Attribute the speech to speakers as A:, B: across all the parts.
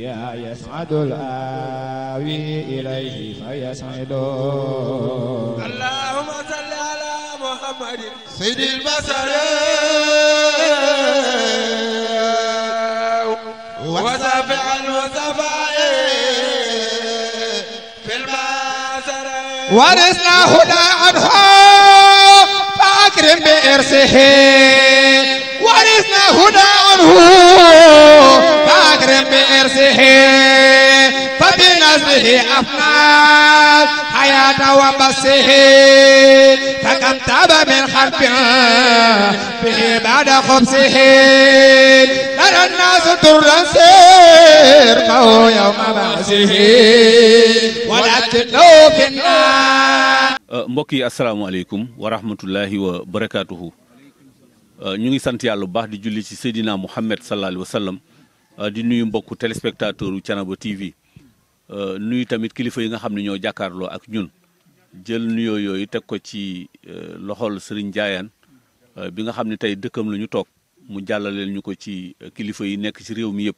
A: يا يسعد
B: الآوي إليه فيسعد اللهم صل
A: على محمد
C: سيد البشر
A: وسافع
C: الوسفاء
A: في البشر ورثنا هدى عنه فأكرم بإرثه وورثنا هدى عنه فاكرم بإرثه
B: فبنزله أفناس حياة وبسه
A: فكم تاب من خلف به بعد خبزه لنا الناس درا سيرقه يوم بعثه ولكنه في النار
D: mbokk yi asalaamaaleykum wa rahmatullahi wa barakaatuhu Euh, ñu ngi sant yàlla bu baax di julli ci Seydina Mouhamed sallallahu alayhi sallam euh, di nuyu mbokku téléspectateur u Thiénaba TV euh, nuyu tamit kilifa yi nga xam ne ñoo jàkkaarloo ak ñun jël nuyoo yooyu teg ko ci loxol sëriñ Jaayaan bi nga xam ne tey dëkkam la ñu toog mu jàllaleel ñu ko ci kilifa yi nekk ci réew mi yëpp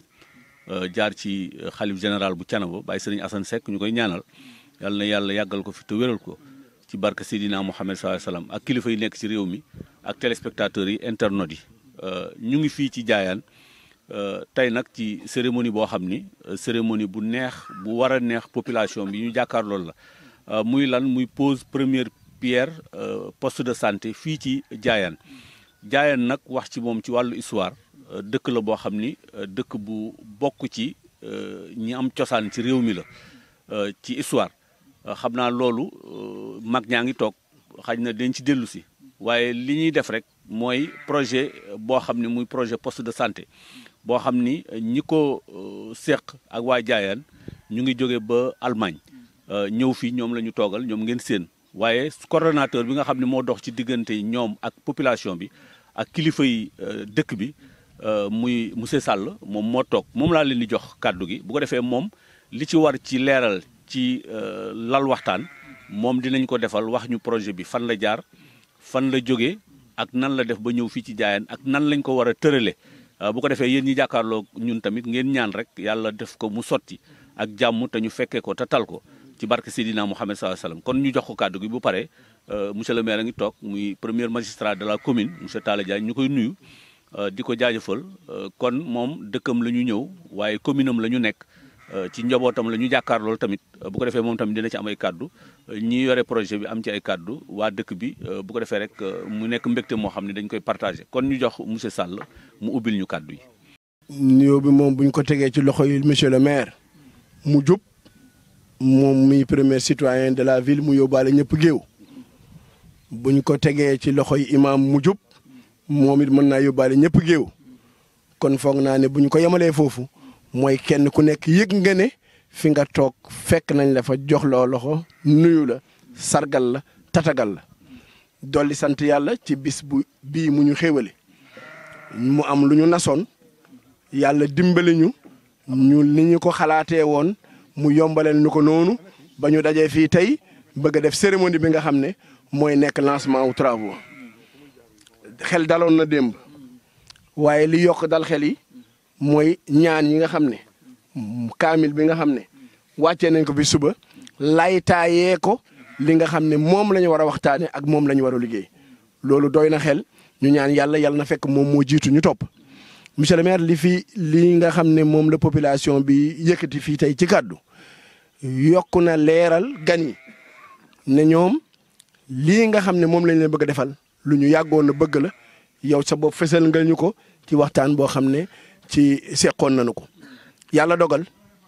D: jaar ci xalif général bu Thiénaba Baye sëriñ Assane sekk ñu koy ñaanal yàlla yàggal ko fi te wéral ko. ci barke Seydina Mouhamed sallallahu alayhi wa sallam ak kilifa yi nekk ci réew mi ak téléspectateurs yi internautes yi euh, ñu ngi fii ci jaayaan euh, tey nag ci cérémonie boo xam ni euh, cérémonie bu neex bu war a neex population bi ñu jàkkaar loolu la muy lan muy pose première pierre poste de santé fii ci jaayaan jaayaan nag wax ci moom ci wàllu histoire dëkk la boo xam ni dëkk bu bokk ci ñi am cosaan ci réew mi la ci histoire Euh, xam naa loolu euh, mag ñaa ngi toog xaj na dañ ci dellu si waaye li ñuy def rek mooy projet boo xam ni muy projet poste de santé boo xam ni euh, ñi ko seq ak waa jaayaan ñu ngi jóge ba Allemagne ñëw fii ñoom la ñu toogal ñoom ngeen seen waaye coordonnateur bi nga xam ne moo dox ci diggante ñoom ak population bi ak kilifa yi dëkk bi muy monsieur Sall moom moo toog moom laa leen di jox kàddu gi bu ko defee moom li ci war ci leeral ci euh, lal waxtaan moom dinañ ko defal wax ñu projet bi fan la jaar fan la jógee ak nan la def ba ñëw fii ci jaayaan ak nan lañ ko war a tërale euh, bu ko defee yéen ñi jàkkaarloo ñun tamit ngeen ñaan rek yàlla def ko mu sotti ak jàmm te ñu fekkee ko te tal ko ci barke Seydina Mouhamed salaa salaam kon ñu jox ko kàddu gi bu pare euh, monsieur le maire a ngi toog muy premier magistrat de la commune monsieur Talla Diagne ñu koy nuyu di ko jaajëfal kon moom dëkkam la ñu ñëw waaye commune am la ñu nekk Euh, ci njabootam la ñu jàkkaar loolu tamit euh, bu ko defee moom tamit dina ci am ay kàddu euh, ñi yore projet bi am ci ay kàddu waa dëkk bi bu ko defee rek mu nekk mbégte moo xam ne dañ koy partagé kon ñu jox monsieur Sall mu ubbil ñu kàddu yi.
B: nuyoo bi moom buñ ko tegee ci loxo yi monsieur le maire mu jub moom muy premier citoyen de la ville mu yóbbaale ñëpp géew bu ko tegee ci loxo yi imaam mu jub moom it mën naa yóbbaale ñëpp géew kon foog naa ne buñ ñu ko yemalee foofu. mooy kenn ku nekk yëg nga ne fi nga toog fekk nañ dafa fa jox loo loxo nuyu la sargal la tatagal la dolli sant yàlla ci bis bu bii mu ñu xéwale mu am lu ñu nasoon yàlla dimbali ñu ñu li ñu ko xalaatee woon mu yombaleel nu ko noonu ba ñu dajee fii tey bëgg a def cérémonie bi nga xam ne mooy nekk lancement wu travaux xel daloon na démb waaye li yokk dal xel yi mooy ñaan yi nga xam ne kaamil bi nga xam ne wàccee nañ ko bi suba laytaayee ko li nga xam ne moom lañu war a waxtaanee ak moom lañu war a liggéey loolu doy na xel ñu ñaan yàlla yàlla na fekk moom moo jiitu ñu topp. monsieur le maire li fi li nga xam ne moom la population bi yëkkati fii tey ci kàddu yokk na leeral gan ne ñoom lii nga xam ne moom lañ leen bëgg a defal lu ñu yàggoon na bëgg la yow sa bopp fësal nga ñu ko ci waxtaan boo xam ne. ci seqoon nañu ko yàlla dogal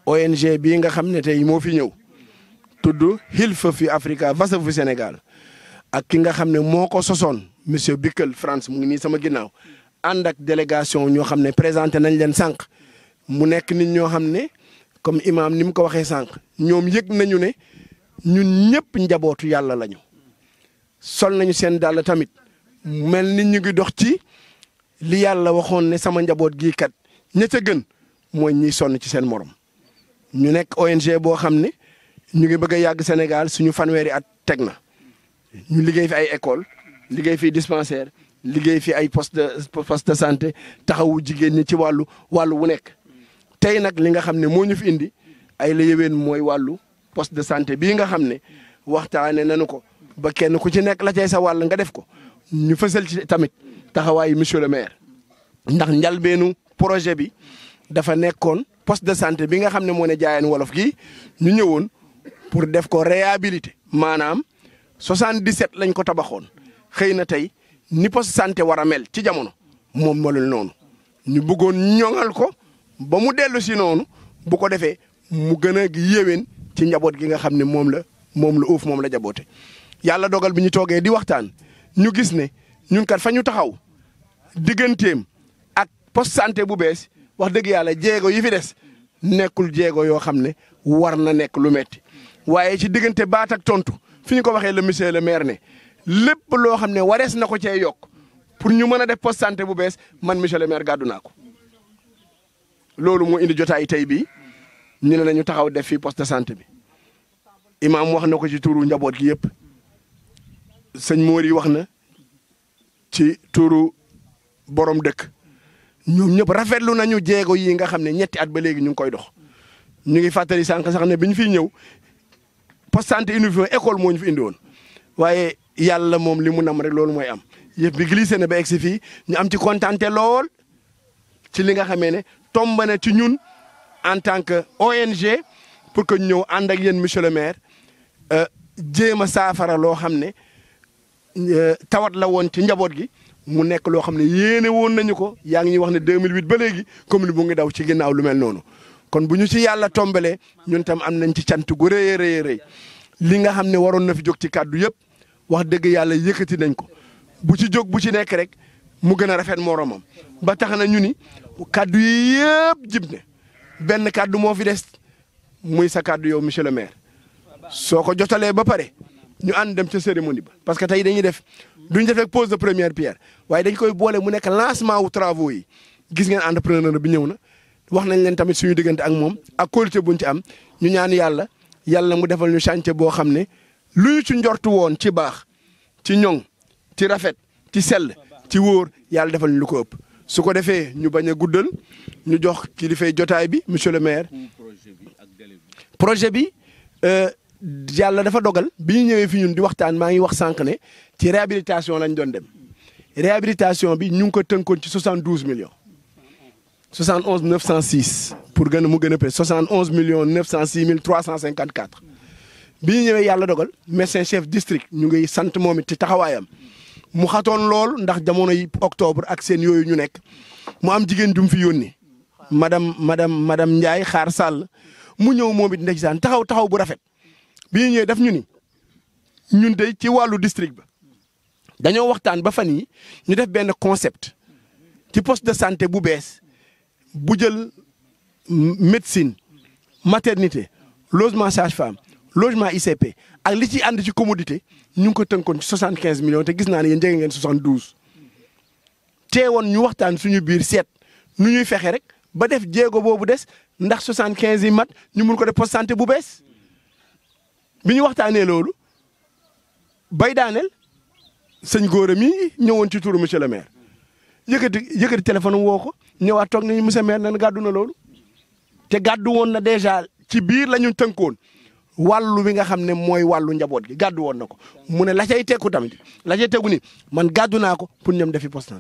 B: ONG bii nga xam ne tey moo fi ñëw tudd Health fi Africa vasa fu Sénégal ak ki nga xam ne moo ko sosoon monsieur Bickel France mu ngi nii sama ginnaaw ànd ak délégation ñoo xam ne présenté nañ leen sànq mu nekk nit ñoo xam ne comme imam ni mu ko waxee sànq ñoom yëg nañu ne ñun ñëpp njabootu yàlla lañu sol nañu seen dàll tamit mel ni ñu ngi dox ci li yàlla waxoon ne sama njaboot gi kat ña ca gën mooy ñuy sonn ci seen morom ñu nekk ONG boo xam ne ñu ngi bëgg a yàgg Sénégal suñu fanweeri at teg na ñu liggéey fi ay école liggéey fi dispensaire liggéey fi ay poste de poste de santé taxawu jigéen ñi ci wàllu wàllu wu nekk tey nag li nga xam ne moo ñu fi indi ay la yeween mooy wàllu poste de santé bii nga xam ne waxtaane nañu ko ba kenn ku ci nekk la cay sa wàll nga def ko ñu fësal ci tamit taxawaayu monsieur le maire ndax njalbeenu projet bi dafa nekkoon poste de santé bi nga xam ne moo ne jaayeen wolof gi ñu ñëwoon pour def ko réhabilité maanaam 77 lañ ko tabaxoon xëy na tey ni poste sante war a mel ci jamono moom melul noonu ñu buggoon ñoŋal ko ba mu dellu si noonu bu ko defee mu gën a yéwén ci njaboot gi nga xam ne moom la moom la uuf moom la jaboote yàlla dogal bi ñu toogee di waxtaan ñu gis ne ñun kat fa ñu taxaw digganteem poste sante bu bees wax dëgg yàlla jéego yi fi des nekkul jéego yoo xam ne war na nekk lu metti waaye ci diggante baat ak tontu fi ñu ko waxee le monsieur le maire ne lépp loo xam ne warees na ko cee yokk pour ñu mën a def poste santé bu bees man monsieur le maire gàddu loolu moo indi jotaay tey bi ñu ne nañu taxaw def fii poste de santé bi imaam wax na ko ci tuuru njaboot gi yëpp sëñ Mori wax na ci tuuru borom dëkk ñoom ñëpp rafetlu nañu jéego yi nga xam ne ñetti at ba léegi ñu ngi koy dox ñu ngi fàttali sànq sax ne bi ñu fiy ñëw poste santé unifié école moo ñu fi indi woon waaye yàlla moom li mu nam rek loolu mooy am yëf bi glissé na ba egg si fii ñu am ci kontaante lool ci li nga xamee ne tomba na ci ñun en tant que ONG pour que ñëw ànd ak yéen monsieur maire euh, jéem a saafara loo xam ne euh, tawat la woon ci njaboot gi. mu nekk loo xam ne yéene woon nañu ko yaa ngi ñu wax ne 2008 ba léegi commune bu ngi daw ci ginnaaw lu noonu kon bu ñu ci yàlla tombalee ñun tam am nañ ci cant gu rëy a rëy li nga xam ne waroon na fi jóg ci kàddu yëpp wax dëgg yàlla yëkkati nañ ko bu ci jóg bu ci nekk rek mu gën a rafet moromam ba tax na ñu ni kàddu yi yëpp jib ne benn kàddu moo fi des muy sa kaddu yow monsieur le maire soo ko jotalee ba pare. ñu ànd dem ca cérémonie ba parce que tey dañuy def duñ ñu rek pose de première pierre waaye dañ koy boole mu nekk lancement wu travaux yi gis ngeen entrepreneur bi ñëw na wax nañ leen tamit suñu diggante ak moom ak qualité buñ ci am ñu ñaan yàlla yàlla mu defal ñu chantier boo xam ne lu ñu ci njortu woon ci baax ci ñoŋ ci rafet ci sell ci wóor yàlla defal ñu lu ko ëpp. su ko defee ñu bañ a guddal ñu jox kilifay jotaay bi monsieur le maire projet bi. yàlla dafa dogal bi ñu ñëwee fi ñun di waxtaan maa ngi wax sànq ne ci réhabilitation lañ doon dem réhabilitation bi ñu ngi ko tënkoon ci 72 millions. 71 906 pour gën a mu gën a pes 71 millions 906 mille 354 bi ñu ñëwee yàlla dogal médecin chef district ñu ngi sant moom it ci taxawaayam mu xatoon lool ndax jamono yi octobre ak seen yooyu ñu nekk mu am jigéen jum fi yónni madame madame madame Ndiaye xaar sàll mu ñëw moom it ndeysaan taxaw taxaw bu rafet. bi ñu ñëwee daf ñu ni ñun de ci wàllu district ba dañoo waxtaan ba fan yi ñu def benn concept ci poste de santé bu bees bu jël médecine maternité logement sage-femme logement ICP ak li ci ànd ci commodité ñu ngi ko tënkoon ci soixante quinze millions te gis naa ne yéen jege ngeen soixante douze. teewoon ñu waxtaan suñu biir seet nu ñuy fexe rek ba def jéego boobu des ndax soixante quinze yi mat ñu mun ko def poste santé bu bees. bi ñu waxtaanee loolu bay daaneel sëñ góora mi ñëwoon ci turu monsieur le maire yëkkati yëkkati téléphone woo ko ñëwaat toog nañu monsieur maire nan gàddu na loolu te gàddu woon na déjà ci biir la ñu tënkoon wàllu bi nga xam ne mooy wàllu njaboot gi gàddu woon na ko mu ne la cay tekku tamit la tegu ni man gàddu naa ko pour ñoom defi poste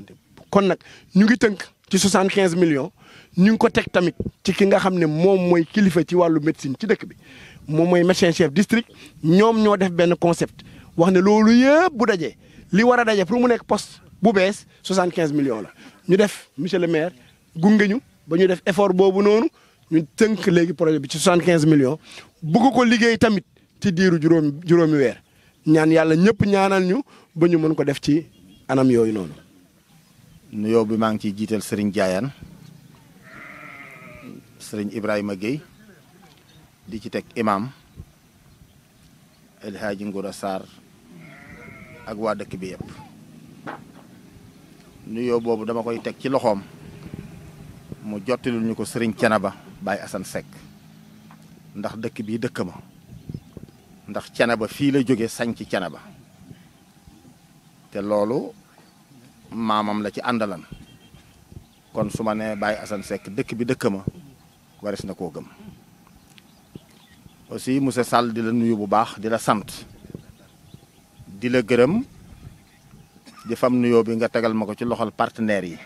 B: kon nag ñu ngi tënk ci soixante quinze millions ñu ngi ko teg tamit ci ki nga xam ne moom mooy kilifa ci wàllu médecine ci dëkk bi moom mooy médecin chef district ñoom ñoo def benn concept wax ne loolu yëpp bu dajee li war a daje pour mu nekk poste bu bees 75 millions la ñu def monsieur le maire gunge ñu ba ñu def effort boobu noonu ñu tënk léegi projet bi ci 75 millions bëgg ko liggéey tamit ci diiru juróomi juróomi ñaan yàlla ñëpp ñaanal ñu ba ñu mën ko def ci anam yooyu noonu. nuyoo bi maa ngi ciy jiital Serigne Diayane
E: Serigne Ibrahima Gueye. di ci teg imaam El Hadji Ngora Sarr ak waa dëkk bi yëpp nuyoo boobu dama koy teg ci loxoom mu jottilul ñu ko sëriñ cana ba Baye Assane Seck ndax dëkk bii dëkk ma ndax cana ba fii la jóge sañ ci ba te loolu maamam la ci àndalan kon su ma nee Baye Assane Seck dëkk bi dëkk ma waris na koo gëm aussi monsieur Sall di la nuyu bu baax di la sant di la gërëm di nuyoo bi nga tegal ma ko ci loxol partenaires yi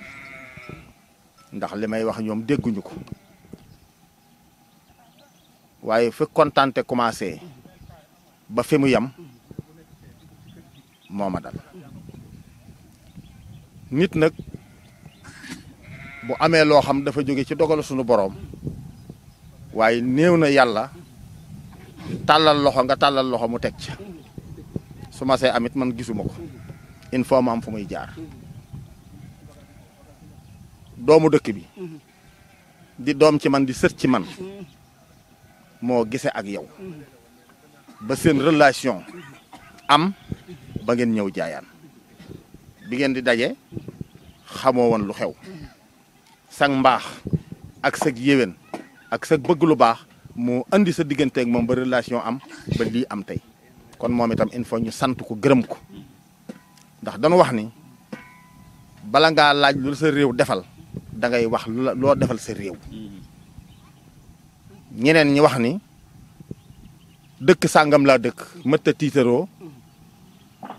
E: ndax li may wax ñoom dégguñu ko waaye fi kontante commencé ba fi mu yem moo dal nit nag bu amee loo xam dafa jóge ci dogal sunu boroom waaye néew na yàlla tàllal loxo nga tàllal loxo mu teg ci su ma see amit man gisuma ko il ma am fu muy jaar doomu dëkk bi di doom ci man di sët ci man moo gise ak yow ba seen relation am ba ngeen ñëw jaayaan bi ngeen di daje xamoo woon lu xew sag mbaax ak sag yéwén ak sag bëgg lu baax mu indi sa diggante ak moom ba relation am ba lii am tey kon moom itam il ñu sant ko gërëm ko ndax dañu wax ni bala ngaa laaj lu sa réew defal dangay wax lu la loo defal sa réew ñeneen ñi wax ni dëkk sàngam laa dëkk mëtta tiitaroo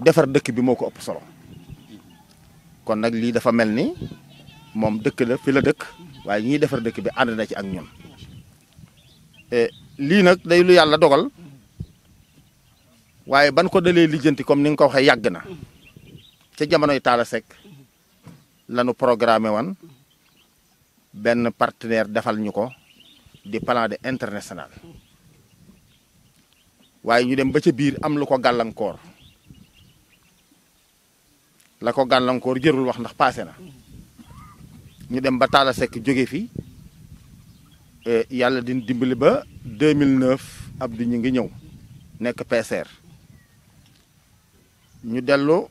E: defar dëkk bi moo ko ëpp solo kon nag lii dafa mel ni moom dëkk la fi la dëkk waaye ñiy defar dëkk bi ànd na ci ak ñun Eh, lii nag day lu yàlla dogal waaye ban ko dalee lijjanti comme ni nga ko waxee yàgg na ca jamonoy Talla Seck lanu programmé woon benn partenaire defal ñu ko di plan de waaye ñu dem ba ca biir am lu ko gàllankoor la ko gàllankoor jërul wax ndax paase na ñu dem ba Talla Seck jóge fi yàlla di dimbali ba 2009 Abdou ñu ngi ñëw nekk PCR ñu dellu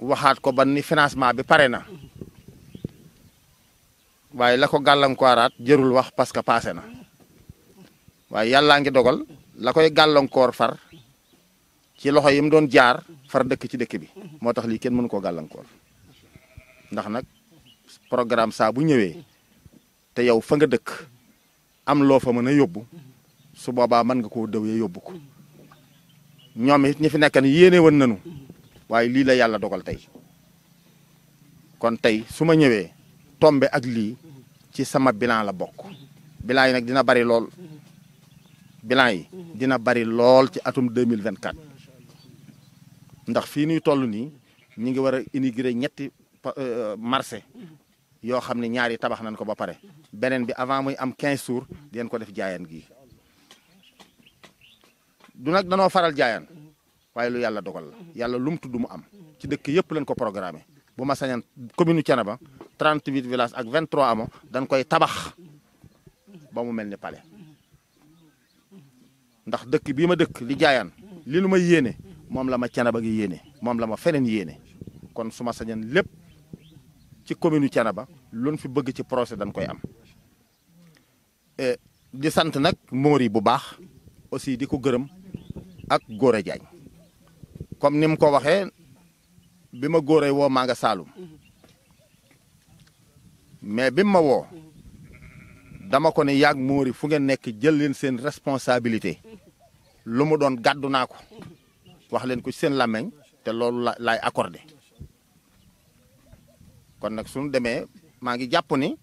E: waxaat ko ban ni financement bi pare na waaye la ko gàllankooraat jërul wax parce que passé na waaye yàllaa ngi dogal la koy gàllankoor far ci loxo yi mu doon jaar far dëkk ci dëkk bi moo tax lii kenn mënu koo gàllankoor ndax nag programme saa bu ñëwee te yow fa nga dëkk. am loo fa mën a yóbbu su boobaa mën nga koo dëwee yóbbu ko ñoom it ñi fi nekk ni yéene woon nañu waaye lii la yàlla dogal tey kon tey su ma ñëwee tombe ak lii ci sama bilan la bokk bilan yi nag dina bari lool bilan yi dina bari lool ci atum mille 2024 ndax fii ñuy toll nii ñi ngi war a inaugurer ñetti euh, marché yoo xam ne ñaari tabax nañ ko ba pare beneen bi avant muy am 15 jours di leen ko def jaayaan gi du nag danoo faral jaayaan waaye lu yàlla dogal yàlla lu mu tudd mu am ci dëkk yëpp lañ ko programmé bu ma sañan commune trent 38 village ak 23 amo dañ koy tabax ba mu mel ni pale ndax dëkk bii ma dëkk li jaayaan li lu ma yéene moom la ma Thiénaba gi yéene moom la ma feneen yéene kon su ma sañan lépp ci commune Thiénaba luñ fi bëgg ci projet dañ koy am e, di sant nag moor bu baax aussi di ko gërëm ak Gora Diagne comme ni mu ko waxee bi ma góoree woo maa nga mais bi ma woo dama ko ne yàgg moori fu ngeen nekk jël leen seen responsabilité lu mu doon gàddu naa ko wax leen ko ci seen làmmiñ te loolu la laay accordé kon nag suñu demee maa ngi jàpp ni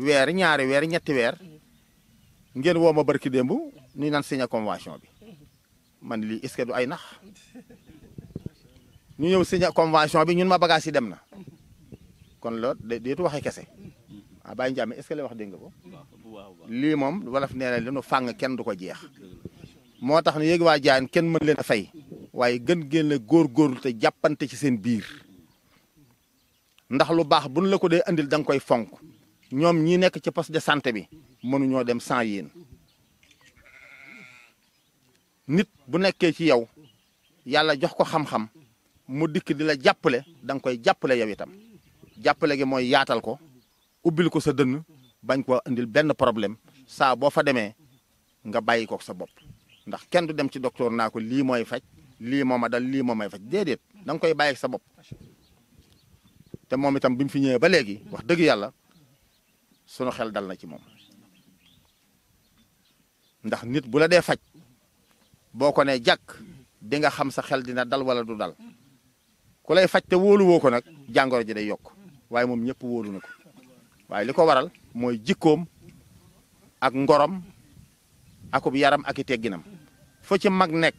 E: weer ñaari weer ñetti weer ngeen woo ma barki démb ni nan signé convention bi man lii est du ay nax ñu ñëw signé convention bi ñun ma bagage yi dem na kon loolu de deetu waxee kese ah Baye Ndiame est-ce wax dégg nga ko lii moom wolof nee na dañu fàng kenn du ko jeex moo tax ne yéegi waa jaan kenn mën leen a fay waaye gën góor góorgóorlu te jàppante ci seen biir ndax lu baax buñ la ko dee indil da nga koy fonk ñoom ñii nekk ci poste de sante bi mënuñoo dem sans yéen nit bu nekkee ci yow yàlla jox ko xam-xam mu dikk di la jàppale da nga koy jàppale yow itam jàppale gi mooy yaatal ko ubbil ko sa dënn bañ koo indil benn problème saa boo fa demee nga bàyyi ko sa bopp ndax kenn du dem ci docteur naa ko lii mooy faj lii moom ma dal lii moom may faj déedéet danga koy bàyyi sa bopp te moom itam bi mu fi ñëwee ba léegi wax dëgg yàlla sunu xel dal na ci moom ndax nit bu la dee faj boo ko nee jàkk dinga xam sa xel dina dal walla du dal ku lay faj te wóolu ko nag jàngoro ji day yokk waaye moom ñëpp wóolu na ko waaye li ko waral mooy jikkoom ak ngorom akub yaram ak i tegginam fo ci mag nekk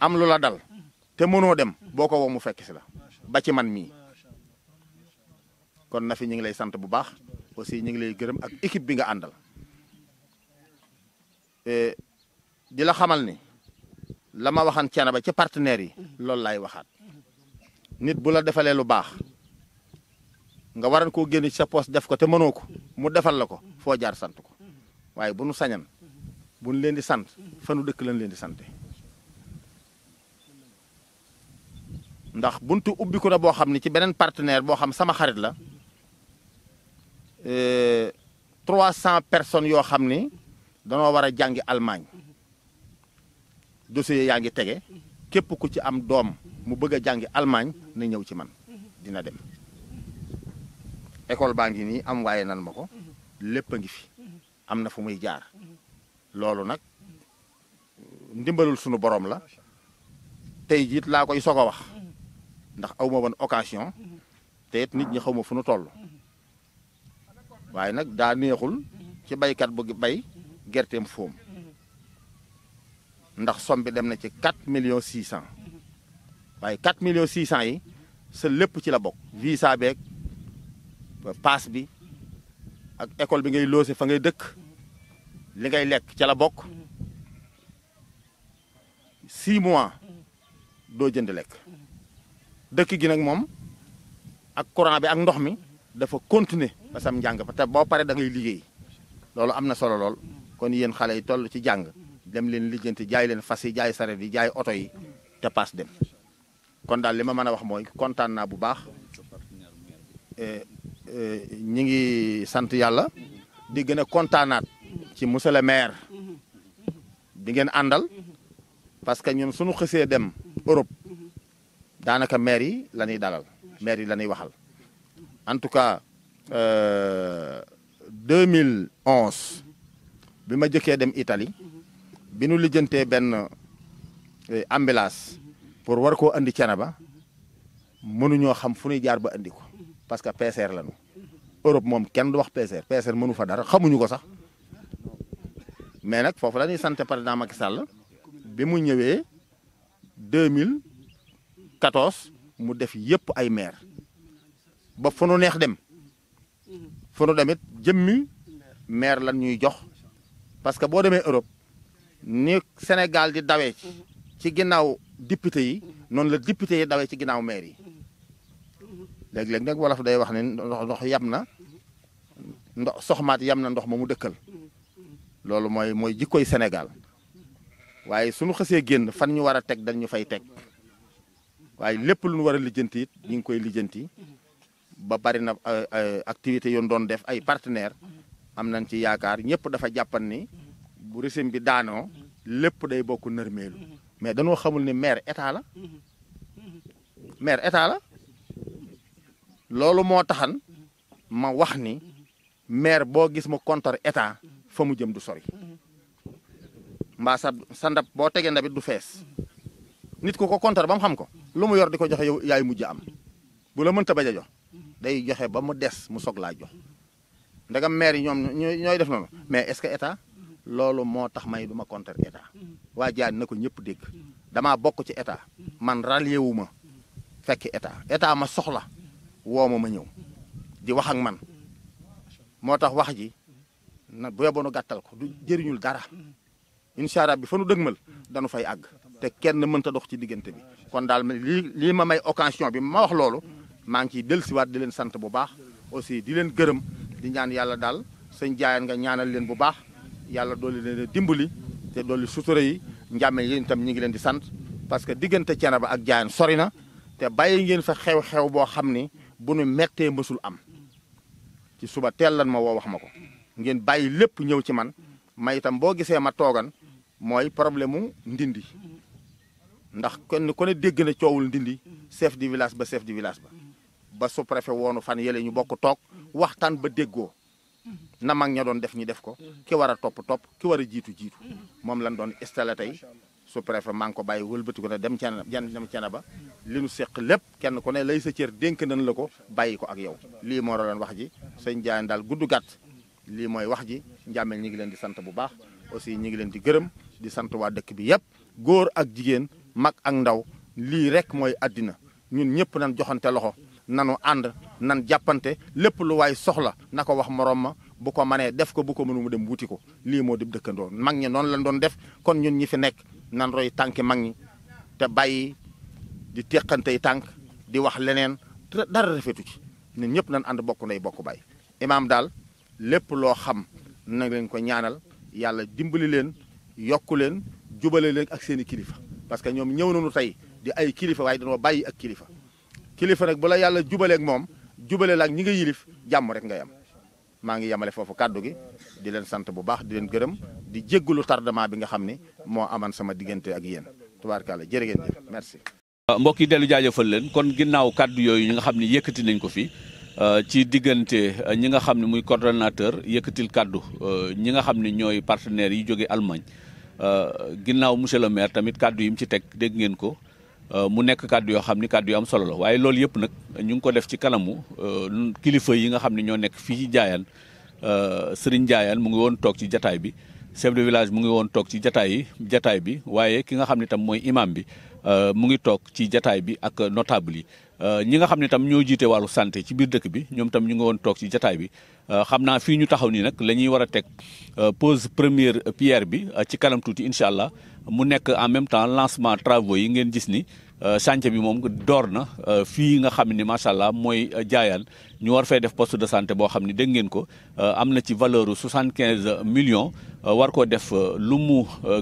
E: am lu la dal te mënoo dem boo ko woo mu fekk si la ba ci man mii kon na fi ñu ngi lay sant bu baax aussi ñu ngi lay gërëm ak équipe bi nga àndal di la xamal ni la ma waxan cene ba ci partenaires yi loolu laay waxaat nit bu la defalee lu baax nga waran koo génn ci sa poos def ko te mënoo ko mu defal la ko foo jaar sant ko waaye bu nu sañan bu nu leen di sant fanu dëkk lañ leen di sante ndax buntu ubbi na boo xam ne ci beneen partenaire boo xam sama xarit la Euh, trois cent personnes yoo xam ni danoo war a jàngi Allemagne dossier yaa ngi tege képp ku ci am doom mu bëgg a jàngi Allemagne na ñëw ci man dina dem école baa ngi nii am waaye nan ma ko lépp a ngi fi am na fu muy jaar loolu nag ndimbalul sunu borom la tey jiit laa koy soog a wax ndax aw ma woon occasion te it nit ñi xaw ma fu nu toll waaye nag daa neexul ci baykat bu bay gerteem foom ndax somme bi dem na ci 4 millions 600 waaye 4 millions 600 yi sa lépp ci la bokk visa beeg paas bi ak école bi ngay loose fa ngay dëkk li ngay lekk ca la bokk 6 mois doo jënd lekk dëkk gi nag moom ak courant bi ak ndox mi dafa continuer ba sam njàng te boo pare da ngay liggéey loolu am na solo lool kon yéen xale yi toll ci jàng dem leen lijjanti jaay leen fas yi jaay saret yi jaay oto yi te paas dem kon daal li ma mën a wax mooy kontaan bu baax eh, eh, ñi ngi sant yàlla di gën a kontaanaat ci monsieur le maire di ngeen àndal parce que ñoom suñu xësee dem Europe daanaka maire yi la ñuy dalal maire yi la waxal en tout cas euh, 2011 bi ma jëkkee dem itali bi nu lijjantee benn eh, ambulance pour war koo andi Thiénaba mënuñoo xam fu ñuy jaar ba indi ko parce que PCR lañu Europe moom kenn du wax PCR PCR mënu fa dara xamuñu ko sax mais nag foofu la ñuy sant président Macky Sall bi mu ñëwee 2014 mu def yëpp ay maire ba fu nu neex dem fu nu demit jëmmi maire lan ñuy jox parce que boo demee Europe ni senegal di dawee ci ginnaaw député yi noonu la député yi dawee ci ginnaaw maire yi léeg-léeg nag wolof day wax ne ndox ndox yam na ndox soxmaat yam na ndox ma mu dëkkal loolu mooy mooy jikkoy Sénégal waaye suñu xësee génn fan ñu war a teg dañ ñu fay teg waaye lépp lu ñu war a lijjanti ñu ngi koy lijjanti ba bari na euh, euh, activité yoon doon def ay partenaire am nañ ci yaakaar ñëpp dafa jàppan ni bu régime bi daanoo lépp day bokk nërmeelu mais danoo xamul ni mair état la état la loolu moo taxan ma wax ni maire boo gis mu contre état fa mu jëm du sori mbaa sa sa ndab boo tegee ndabit du fees nit ku ko contre ba mu xam ko lu mu yor di ko joxe yow yaay mujj am bu la mënta bañ a jox day joxe ba mu des mu soog laa jox ndegam maire yi ñoom ñooy def noonu mais est-ce que état loolu moo tax may duma ma contre waa jaan na ko ñëpp dégg damaa bokk ci état man rallié wu ma fekk état état ma soxla woo ma ma ñëw di wax ak man moo tax wax ji na bu yeboonu gàttal ko du jëriñul dara incha allah bi fa nu dëgmal dañu fay àgg te kenn mënta dox ci diggante bi kon daal lii lii ma may occasion bi ma wax loolu. maa ngi ciy dellusiwaat di leen sant bu baax aussi di leen gërëm di ñaan yàlla daal sëñ jaayaan nga ñaanal leen bu baax yàlla dooli leen dimbali te dooli sutura yi njàmme yéen itam ñu ngi leen di sant parce que diggante Thiénaba ak jaayaan sori na te bàyyi ngeen fa xew-xew boo xam ni bu nu mettee mësul am ci suba teel lan ma woo wax ma ko ngeen bàyyi lépp ñëw ci man may itam boo gisee ma toogan mooy problème mu ndindi ndax kenn ku dégg na coowul ndindi chef du village ba chef du village ba ba su préfet woonu fan yële ñu bokk toog waxtaan ba déggoo na mag ña doon def ñu def ko ki war a topp topp ki war a jiitu jiitu moom lañ doon installé tey su préfet maa ko bàyyi wëlbati ko ne dem cene dem cene ba li nu seq lépp kenn ku ne lay sa cër dénk nañ la ko bàyyi ko ak yow lii moo doon wax ji sëñ Ndiaye daal gudd gàtt lii mooy wax ji njàmmel ñi ngi leen di sant bu baax aussi ñi ngi leen di gërëm di sant waa dëkk bi yëpp góor ak jigéen mag ak ndaw lii rek mooy àddina ñun ñëpp nañ joxante loxo nanu ànd nan jàppante lépp lu waay soxla na ko wax moroom ma bu ko manee def ko bu ko mënumu dem wuti ko lii moo di dëkkandoo mag ñi noonu lañ doon def kon ñun ñi fi nekk nan roy tànki mag ñi te bàyyi di teqantey tànk di wax leneen dara rafetu ci ñun ñëpp nan ànd bokk ndey bokk bay imaam daal lépp loo xam na leen ko ñaanal yàlla dimbali leen yokku leen jubale leen ak seen i kilifa parce que ñoom ñëw nañu tey di ay kilifa waaye dañoo bàyyi ak kilifa kilifa nag bu la yàlla jubaleek moom jubale ak ñi nga yilif jàmm rek nga yam maa ngi yamale foofu kàddu gi di leen sant bu baax di leen gërëm di jéggulu tardement bi nga xam ni moo aman sama diggante ak yéen tubaarkàlla jërë ngeen jëf merci.
D: Uh, mbokk yi dellu jaajëfal leen kon ginnaaw kàddu yooyu ñi nga xam ne yëkkati nañ ko fi uh, ci diggante uh, ñi nga xam ne muy coordonnateur yëkkatil kàddu ñi nga xam ne ñooy partenaires yi jóge Allemagne ginnaaw monsieur le tamit kàddu yi mu ci teg dégg ngeen ko. Euh, mu nekk kàddu yoo xam ni kàddu yu am sololo waaye loolu yëpp nag ñu ngi ko def ci kanamu euh, kilifa yi nga xam ne ñoo nekk fii ci Jaayaan euh, Sëriñ Jaayaan mu ngi woon toog ci jataay bi chef village mu ngi woon toog ci jataay yi bi waaye ki nga xam ne tam mooy imam bi mu ngi toog ci jataay bi ak notable yi ñi nga xam ne tam ñoo jiite wàllu santé ci biir dëkk bi ñoom tam ñu ngi woon toog ci jataay bi xam naa fii ñu taxaw nii nag lañuy ñuy war a teg pose première pierre bi ci kanam tuuti incha allah mu nekk en même temps lancement travaux yi ngeen gis ni euh, chantier bi moom door na euh, fii nga xam ni macha allah mooy jaayaan euh, ñu war fee def poste de santé boo xam ni dégg ngeen ko am na ci valeur u soixante quinze war koo def lu mu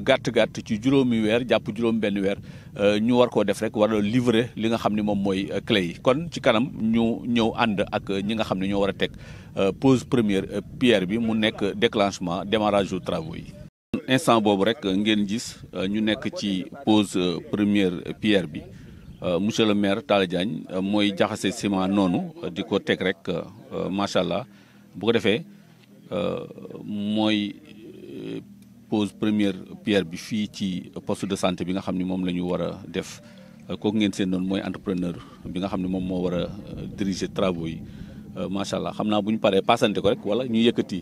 D: gàtt gàtt ci juróomi weer jàpp juróom benn weer ñu war koo def rek war a livrer li nga xam ni moom mooy clé yi kon ci kanam ñu ñëw ànd ak ñi nga xam ne ñoo war a teg pose première pierre bi mu nekk déclenchement démarrage u travaux yi. instant boobu rek ngeen gis euh, ñu nekk ci pose euh, première pierre bi euh, monsieur le maire Talla Diagne mooy jaxasee ciment noonu di ko teg rek macha allah bu ko defee mooy pose première pierre bi fii ci poste de santé bi nga xam ni moom la ñu war a def kooku ngeen seen noonu mooy entrepreneur bi nga xam ne moom moo war a diriger travaux yi macha allah xam naa bu ñu paree passante ko rek wala ñu yëkkati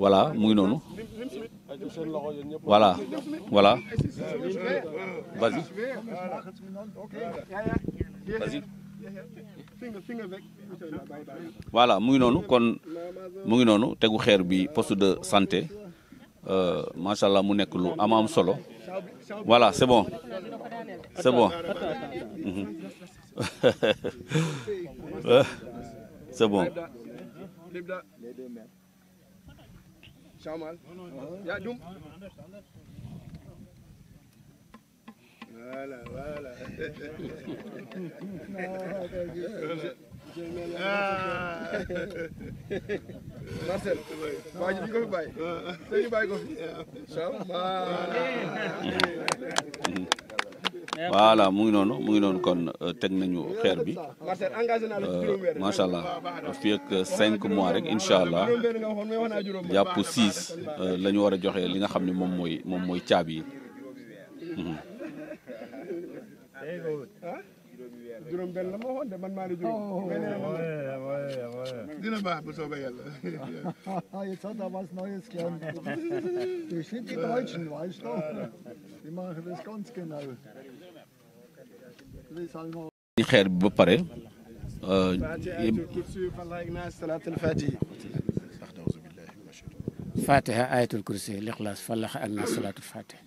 D: voilà mu ngi noonu. voilà voilà vas-y voilà mu ngi noonu kon mu ngi noonu tegu xeer bi poste de santé euh, macha allah mu nekk lu am am solo voilà c'est bon c'est bon c'est bon.
B: Schau mal. Ja, du. Voilà, voilà. Ah. Marcel,
A: waa ji bi ko fi bàyyi. Ah. Sëñ bi bàyyi
D: voilà mu ngi noonu mu ngi noonu kon euh, teg nañu xeer bi euh, macha allah fii ak cinq mois rek incha allah
B: jàpp six euh, la ñu war a joxe li nga
D: xam ne moom mooy moom mooy caabi yi.
A: Mhm. juróom oh,
D: xeer bi ba pare
C: fatiha euh, ayatul kursi lixlaas falax ak na salaatul fatiha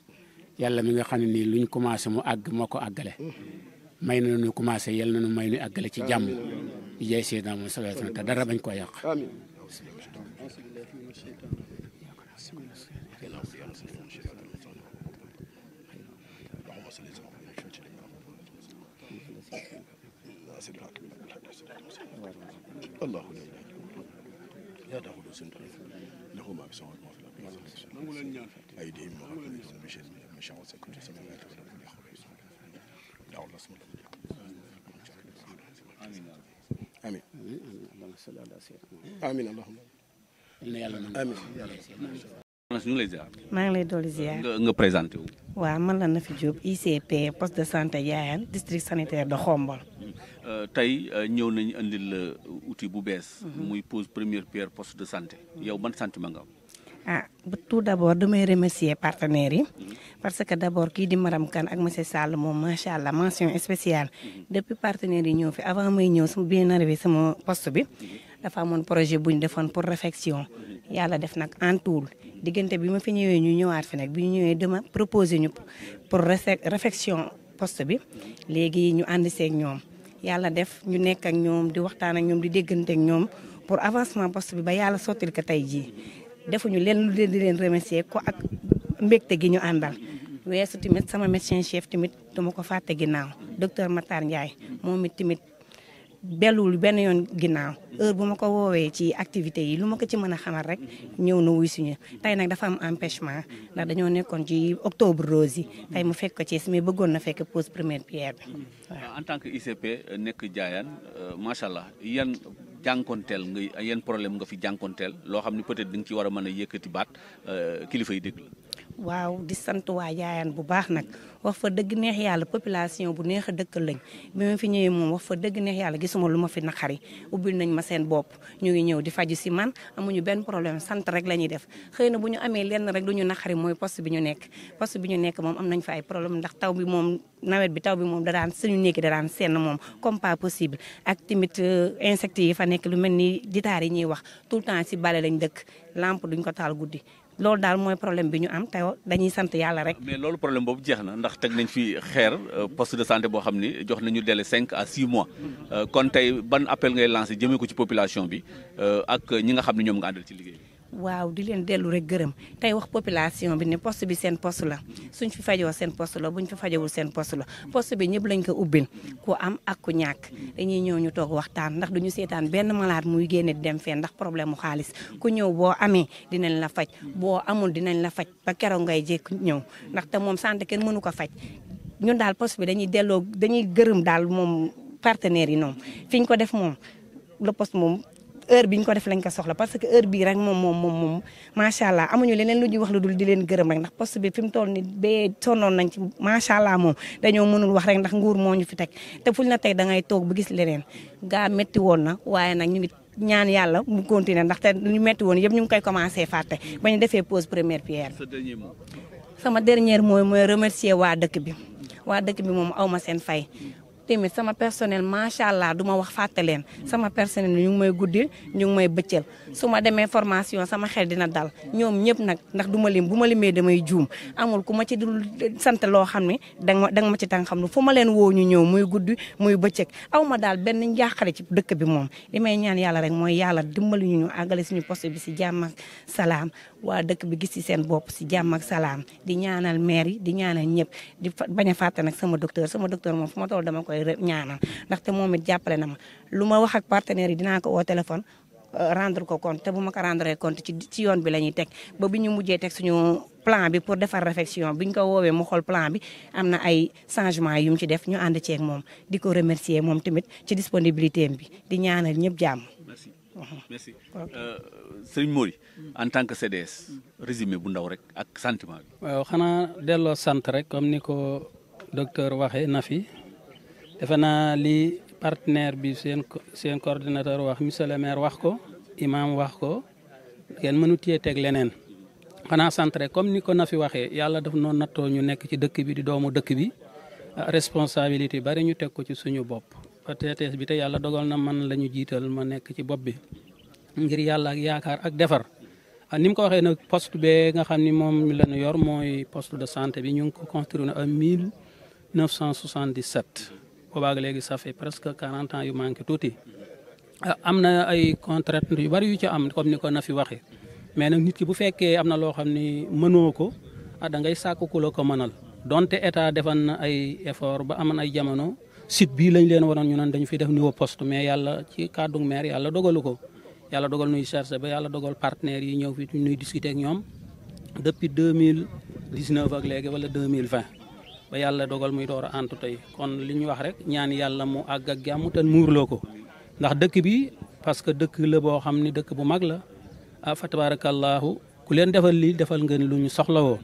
C: yàlla mi nga xam nii luñ commencé mu àgg moo ko àggale may na nu commencé yàlla na nu may nu àggale ci jàmm bi jaay seydina moom salaatu te dara bañ koo yàq
B: allahu la ilaha illa yaa taxudu
D: maa ngi lay dolli nga présenté wu.
F: waaw man la Nafi Diop ICP poste de santé Yayane district sanitaire de Khombole.
D: Euh, tey euh, ñëw nañu andil euh, outil bu bees. Mhm. muy pose première pierre poste de santé yow ban sentiment
F: nga am. ah tout d'abord damay remercier partenaires yi. Mhm. parce que d'abord kii di Maram Kane ak monsieur Sall moom macha allah mention spéciale. Mhm. depuis partenaires yi ñëw fi avant may ñëw sama bien arrivé sama poste bi. dafa amoon projet bu ñu defoon pour réflexion yalla def nag en tout diggante bi ma fi ñëwee ñu ñëwaat fi nag bi ñu ñëwee dama proposé ñu pour réflexion poste bi léegi ñu ànd seeg ñoom. yàlla def ñu nekk ak ñoom di waxtaan ak ñoom di déggante ak ñoom pour avancement post bi ba yàlla sottil ko tey jii defuñu leen lu leen di leen remercier ko ak mbégte gi ñu àndal. weesu tamit sama médecin chef tamit dama ko fàtte ginnaaw docteur Matar Ndiaye moom it tamit delluwul benn yoon ginnaaw heure bu ma ko woowee ci activité yi lu ma ko ci mën a xamal rek ñëw na wuy suñu tey nag dafa am empêchement ndax dañoo nekkoon ci octobre rose yi tey mu fekk ko ci mais bëggoon na fekk pose première pierre bi
D: waaw en tant que ICP euh, nekk jaayaan euh, macha allah yan jànkonteel nga yan problème nga fi jànkonteel loo xam ne peut-être di nga ci war a mën a yëkkati baat euh, kilifa yi dégg la
F: waaw di sant waa yaayaan bu baax nag wax fa dëgg neex yàlla population bu neex a dëkkal lañ bi ma fi ñëwee moom wax fa dëgg neex yàlla gisuma lu ma fi naqari ubbil nañ ma seen bopp ñu ngi ñëw di faju si man amuñu benn problème sant rek la ñuy def xëy na bu ñu amee lenn rek lu ñu naqari mooy poste bi ñu nekk poste bi ñu nekk moom am nañ fa ay problème ndax taw bi moom nawet bi taw bi moom daraan suñu néegi daraan seen moom comme pas possible ak tamit euh, insectes yi fa nekk lu mel ni ditaar yi ñuy wax tout le temps si bale lañ dëkk làmp duñ ko taal guddi loolu daal mooy problème bi ñu am te dañuy sant yàlla rek. mais
D: loolu problème boobu jeex na ndax teg nañ fi xeer euh, poste de santé boo xam ni jox nañu délai cinq a six mois. Euh, kon tey ban appel ngay lancé jëmee ko ci population bi euh, ak ñi nga xam ne ñoom nga àndal ci liggéey
F: waaw di leen dellu rek gërëm tey wax population bi ne poste bi seen post la suñ fi fajoo seen post la buñ fi fajowul seen post la post bi ñëpp lañ ko ubbil ku am ak ku ñàkk dañuy ñëw ñu toog waxtaan ndax du ñu seetaan benn malaat muy génne dem fee ndax problème mu xaalis ku ñëw boo amee dinañ la faj boo amul dinañ la faj ba keroog ngay jekk ñëw ndaxte moom santé kenn mënu ko faj ñun daal poste bi dañuy delloo dañuy gërëm daal moom partenaires yi noonu fi ko def moom heure bi ñu ko def lañ ko soxla parce que heure bii rek moom moom moom moom macha allah amuñu leneen lu ñuy wax lu dul di leen gërëm rek ndax poste bi fi mu toll ni bee sonnoon nañ ci macha allah moom dañoo mënul wax rek ndax nguur moo ñu fi teg te fuñ la teg da ngay toog bu gis leneen gaa métti woon na waaye nag ñu ngi ñaan yàlla mu continuer ndaxte lu ñu métti woon yëpp ñu ngi koy commencé fàtte ba ñu defee pose première pierre. sama dernier mooy mooy remercier waa dëkk bi waa dëkk bi moom aw ma seen fay. tamit sama personnel macha allah duma wax fàtte sama personnel ñu ngi may guddi ñu ngi may bëccël su ma demee formation sama xel dina dal ñoom ñëpp nag ndax du ma lim bu ma limee damay juum amul ku ma ci dul sant loo xam ne danga ma danga ma ci tàng xam ne fu ma leen woo ñu ñëw muy guddi muy bëccëg aw ma daal benn njaaxare ci dëkk bi moom li may ñaan yàlla rek mooy yàlla dimbali ñu ñu àggale suñu poste bi si jàmm salaam waa dëkk bi gis ci seen bopp si jàmm ak salaam di ñaanal maire yi di ñaanal ñëpp di bañ a fàtte nag sama docteur sama docteur moom fu ma toll dama koy ñaanal ndaxte moom it jàppale na ma lu ma wax ak partenaire yi dinaa ko woo téléphone euh, rendre ko compte te bu ma ko rendre compte ci ci yoon bi la ñuy teg ba bi ñu mujjee teg suñu plan bi pour defar réflexion bi ñu ko woowee mu xool plan bi am na ay changement yu mu ci def ñu ànd moom di ko remercier moom tamit ci disponibilité bi di ñaanal ñëpp jàmm.
D: merci euh, sëriñ Mori en tant que CDS résumé bu ndaw rek ak sentiment bi.
C: waaw xanaa delloo sant rek comme ni ko docteur waxee na fi defe naa li partenaire bi seen seen coordinateur wax monsieur le maire wax ko imam wax ko kenn mënu tiye teg leneen. xanaa sant comme ni ko na fi waxee yàlla daf noonu nattoo ñu nekk ci dëkk bi di doomu dëkk bi ah, responsabilité bari ñu teg ko ci suñu bopp. TTS bi te yàlla dogal na man la ñu jiital ma nekk ci bopp bi ngir yàlla ak yaakaar ak defar ah, ni mu ko waxee nag post bee nga xam ni moom la ñu yor mooy post de santé bi ñu ngi ko construire na en 1977 boobaag léegi ça fait presque 40 yu manqué tuuti ah, am na ay contraintes yu bari yu ci am comme ni ko na fi waxe mais nag nit ki bu fekkee am na loo xam ni mënoo ko ah da ngay sàkk ku la ko mënal donte état defan na ay effort ba amoon ay jamono. site bii lañ leen waroon ñu naan dañu fi def niveau poste mais yàlla ci kàddu maire yàlla dogalu ko yàlla dogal nuy cherché ba yàlla dogal partenaires yi ñëw fi ñuy discuter ak ñoom depuis deux mille dix neuf ak léegi wala deux mille vingt ba yàlla dogal muy door a antu tey kon li ñu wax rek ñaan yàlla mu àgg ak jàmm te muurloo ko ndax dëkk bi parce que dëkk la boo xam ni dëkk bu mag la ah fa tabarakallahu ku leen defal lii defal ngeen lu ñu soxlawoo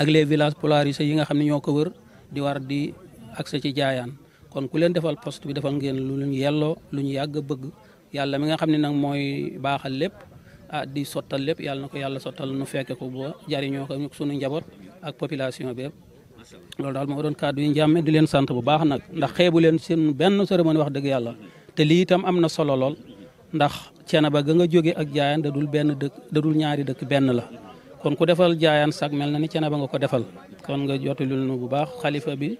C: ak les village polarisés yi nga xam ne ñoo ko wër di war di accès ci jaayaan kon ku leen defal poste bi defal ngeen lu ñu yelloo lu ñu yàgg a bëgg yàlla mi nga xam ne nag mooy baaxal lépp ah di sottal lépp yàlla na ko yàlla sottal nu fekke ko ba jariñoo ko suñu njaboot ak population bi loolu daal moo doon kàddu yi njàmme di leen sant bu baax nag ndax xeebu leen seen benn cérémonie wax dëgg yàlla te lii itam am na solo lool ndax Thiénaba ga nga jóge ak Jaayaan da dul benn dëkk da dul ñaari dëkk benn la kon ku defal Jaayaan sag mel na ni Thiénaba nga ko defal bi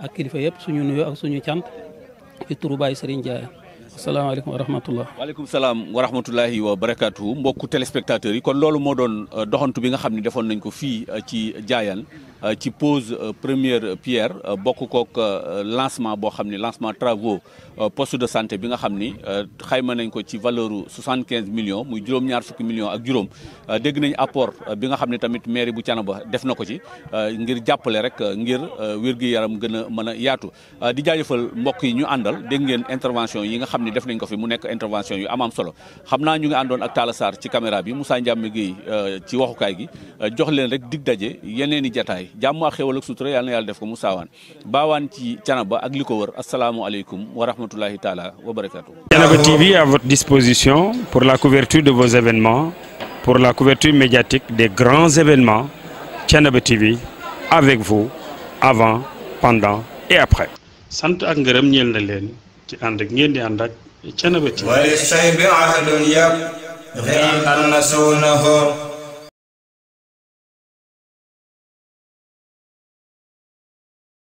C: ak kilifa yëpp suñu nuyoo ak suñu cant ci turu Baye Serigne Ndiaye salaamaaleykum wa rahmatullah
D: salaam wa rahmatullahi wa barakaatu mbokku téléspectateurs yi kon loolu moo doon euh, doxantu bi nga xam ne defoon nañ ko fii euh, ci jaayaan euh, ci pose première pierre bokk kook lancement boo xam ne lancement travaux poste de santé bi nga xam ni xayma nañ ko ci valeur u 75 millions muy juróom-ñaar fukki million ak juróom dégg nañ apport bi nga xam ne tamit mairie bu Thiénaba def na ko ci ngir jàppale rek ngir wér-gi-yaram gën a mën a yaatu di jaajëfal mbokk yi ñu àndal dégg ngeen intervention yi nga xam ne def nañ ko fi mu nekk intervention yu am solo xam naa ñu ngi àndoon ak Talla Sarr ci caméra bi Moussa Ndiame Guèye euh, ci waxukaay gi euh, jox leen rek dig daje yeneen i jataay jàmm ak xéwal ak sutura yàlla na yàlla def ko Moussa Wane baawaan ci Thiénaba ak li ko wër asalaamualeykum wa rahmatulahi taala wa barakatu.
B: Thiénaba TV à votre pour la couverture de vos événements pour la couverture médiatique des grands événements Thiénaba TV avec vous avant pendant et après. sant ak ngërëm ñeel na leen. ci ànd ak ngeen di ànd ak
A: Thiénaba TV wali say bi ahadun yab xëy an nasuunahu